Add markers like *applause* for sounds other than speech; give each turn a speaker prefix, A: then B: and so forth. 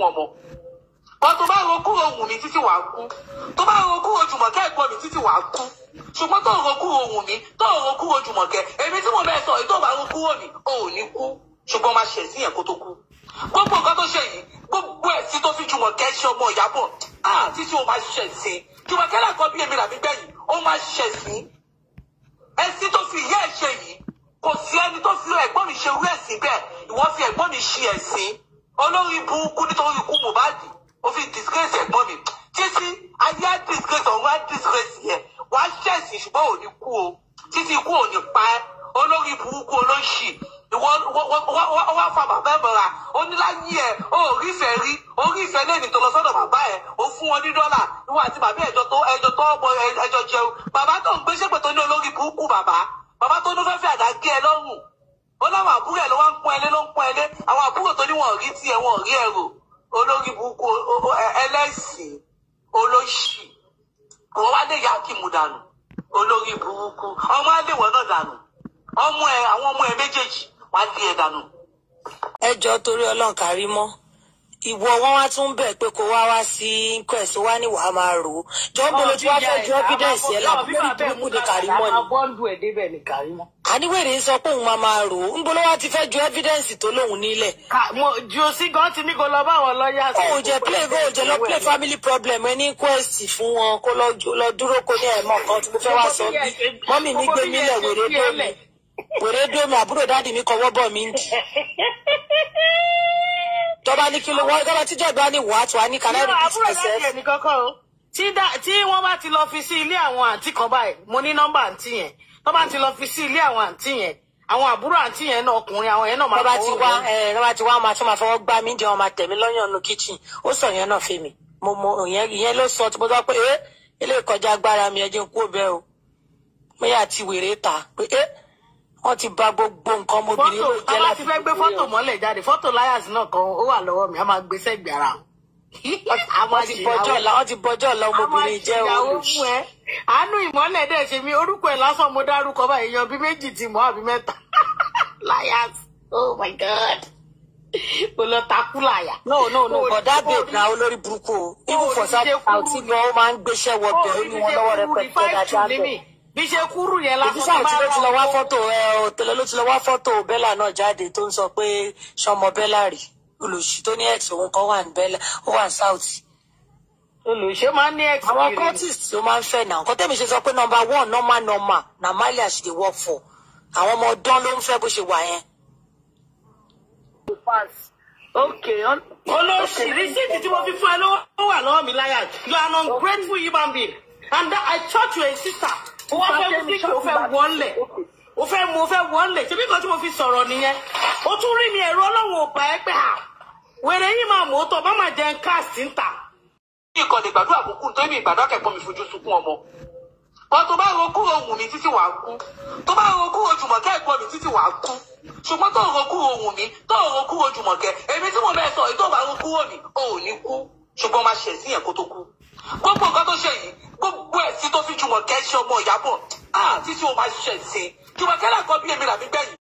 A: fún ọmọ wọn tó bá ro kúrò wù mí títí wàá kú tó bá ro kúrò jùmọ̀kẹ́ ẹ̀gbọ́n mi títí wàá kú ṣùgbọ́n tó ro kúrò wù mí tó ro kúrò jùmọ̀kẹ́ èmi tí mo bẹ́ẹ̀ sọ èyí tó bá ro kúrò mi ò ní kú ṣùgbọ́n máa ṣẹ̀ sí yẹn kó tó kú gbogbo nǹkan tó ṣe yìí gbogbo ẹ̀ tí tó fi jùmọ̀kẹ́ ṣe ọmọ ìyàbọ̀ ah títí o máa ṣẹ̀ sí jùmọ̀kẹ́ lẹ́kọ̀ọ́ bí èmi làbí gbẹ̀yìn ó máa ṣẹ̀ sí ẹ̀sìn tó fi yẹ́ ẹ̀ṣẹ̀ yìí kò sí ẹni tó fi ẹ̀gbọ́n mi ṣe rú ẹ̀sìn bẹ́ẹ̀ ìwọ́n fi ẹ̀gbọ́n mi ṣe ẹ̀sìn olórí burúkú nítorí ikú Mohbad ó fi disgrace ẹ̀gbọ́n mi títí ayé á disgrace ọ̀run á disgrace yẹn wàá ṣẹ̀sì ṣùgbọ́n ò ní kú o títí ikú ò ní pa ẹ́ olórí burúkú olóṣì wọ́n wá fa bàbá ẹ̀ mọ́ra ó ní láyé ẹ̀ ó rí ìfẹ́ rí ó rí ìfẹ́ lẹ́ni tó lọ sọ́dọ̀ bàbá ẹ̀ ó fún wọn ní dọ́là níwọ̀n àti bàbá ẹ̀jọ̀ tó ẹ̀jọ̀ tó ọmọ ẹ̀jọ̀ jẹun bàbá tó ń gbéṣẹ́ pẹ̀tọ́ ní olórí burúkú bàbá bàbá tó ní fẹ́ fẹ́ àdá gé ẹ lọ́rùn ó láwọn àbúrò ẹ ló wá ń pọn ẹlé ló ń pọn ẹlé àwọn àbúrò tó ní wọn rí tiẹ wọn rí ẹrò olórí burúkú ẹlẹ́sìn olóṣì wọn wá dé ìyá kìmù dànù olórí burúkú ọmọ àdéwọ náà dànù ọmọ ẹ àwọn ọmọ ẹ méjèèjì wá di ẹ dànù.
B: ẹ jọ torí Ọlọ́run kárí mọ́ ìwọ wọn wá tún bẹ̀ pé kó wá wá sí inquest wá ní wàá máa rò ó jọ ń bolo tí wàá fẹ́ ju evidence yẹn làbúrò ìdúró kúndé kárí mọ́ ni àníwèrè ń sọ pé òun máa máa rò ó ńgbọ́ ló wá fẹ́ ju evidence tó lóun nílẹ̀. mo ju sí gan ti ní kó lọ bá àwọn lọ́ọ̀yà. ó ò jẹ play go, ò jẹ lọ play family problem ẹni quest fún wọn kó lọ dúró kó ní ẹ̀mọ́ kan tí mo fẹ́ wá sọ bí mọ́mì mi gbé mílẹ̀ wèrè dómi wèrè dómi àbúrò dáàdì mi kọ́wọ́ bọ̀ mí dì. tọ́ba ní kí ló wọ́n tọ́ba tíjọ́ ìgbà ni wàá tó a ní kàlẹ́rì bíi ti tí wọ́n bá ti lọ fi sí ilé àwọn àǹtí kan báyìí mo ní nọ́mbà àǹtí yẹn tó bá ti lọ fi sí ilé àwọn àǹtí yẹn àwọn àbúrò àǹtí yẹn náà ọkùnrin àwọn yẹn náà máa fọwọ́ wá ẹ lọ́ba ti wá máa tún máa fọwọ́ gbá mí jẹun máa tẹ̀mí lọ́yàn nu kíchìn ó sọ yẹn náà fèmí mo mo ìyẹn ìyẹn ló sọ tó pé ẹ eh, ilé ìkọjá agbára mi ẹ jẹ́ kú òbẹ́ o pé àti wèrè ta pé ẹ eh, wọ́n ti ba gbogbo nǹkan ọmọbìnrin ló jẹ́ láti fọ́tò àwọn ti fẹ́ gbé fọ́tò mọ́lẹ̀ jáde fọ́tò láyàsí náà kan ó wà lọ́wọ́ mi a máa gbé sẹ́gbẹ̀ẹ́ ara àwọn àwọn ti bọjọ la wọn ti bọjọ la ọmọbìnrin jẹ olùsí. àánú ìmọ́lẹ̀ dẹ̀ ṣe mí orúkọ ẹ̀ lásán mo dárúkọ báyìí yan bí méjì ti mọ́ àbí mẹ́ta *laughs* liars oh my god o lọ takú láyà. no no no bọ̀dá babe na olórí burúkú o even for south south ni wọn máa ń gbéṣẹ́ wọ bẹ̀rù ni wọn lọ́wọ́ rẹpẹtẹ dáadáa bẹ̀. bí ṣe kúrú yẹn lásán tó bá rọ. èyí sáà tí ló ti lọ wá fọ́tò ẹ ò tẹ̀lé ló ti lọ wá fọ́tò bẹ́là náà jáde tó ń sọ pé sọmọ bẹ́là rèé olùsí tó ní ex òun kan wà ní bẹ́là ó wà south. olùsí máa ń ní ex. àwọn cultist ló máa ń fẹ́ náà nǹkan tẹ́mi ṣe sọ pé number one normal normal na malia she dey work for àwọn ọmọ ọdán ló ń fẹ́ bó ṣe wà yẹn. Okay, olóṣì rìsíìtì tí mo fi fún ẹ ló wà lọ́wọ́ mi láyà you are an ungrateful human being and I taught you a sister o wá fẹ́ mú kíkì o fẹ́ wọlé o fẹ́ mú o fẹ́ wọlé ṣebí kan tí mo fi sọ̀rọ̀ nìyẹn o tún rí mi ẹ̀rọ ọlọ́run
A: ò bá ẹ pé ha wèrè yín máa mọ̀ tó bá máa jẹun káàsì ń tà. bí ìkọlè gbàdúrà àbùkù tó ibi ìgbàdàn kẹ̀kọ́ mi fojú sunkún ọmọ. wọn tó bá ro kúrò wù mí títí wàá kú tó bá ro kúrò jùmọ̀kẹ́ ẹ̀gbọ́n mi títí wàá kú ṣùgbọ́n tó ro kúrò wù mí tó ro kúrò jùmọ̀kẹ́ èmi tí mo bẹ́ẹ̀ sọ ètò ìwà ro kúrò mi ò ní kú ṣùgbọ́n máa ṣẹ̀ sí yẹn kó tó kú gbogbo nǹkan tó ṣe yìí gbogbo ẹ̀ sí tó fi jùmọ̀kẹ́ ṣe ọmọ ìyàbọ̀ ah títí o máa ṣẹ̀ sí jùmọ̀kẹ́ làkọ́ bí èmi làbí gbẹ̀yìn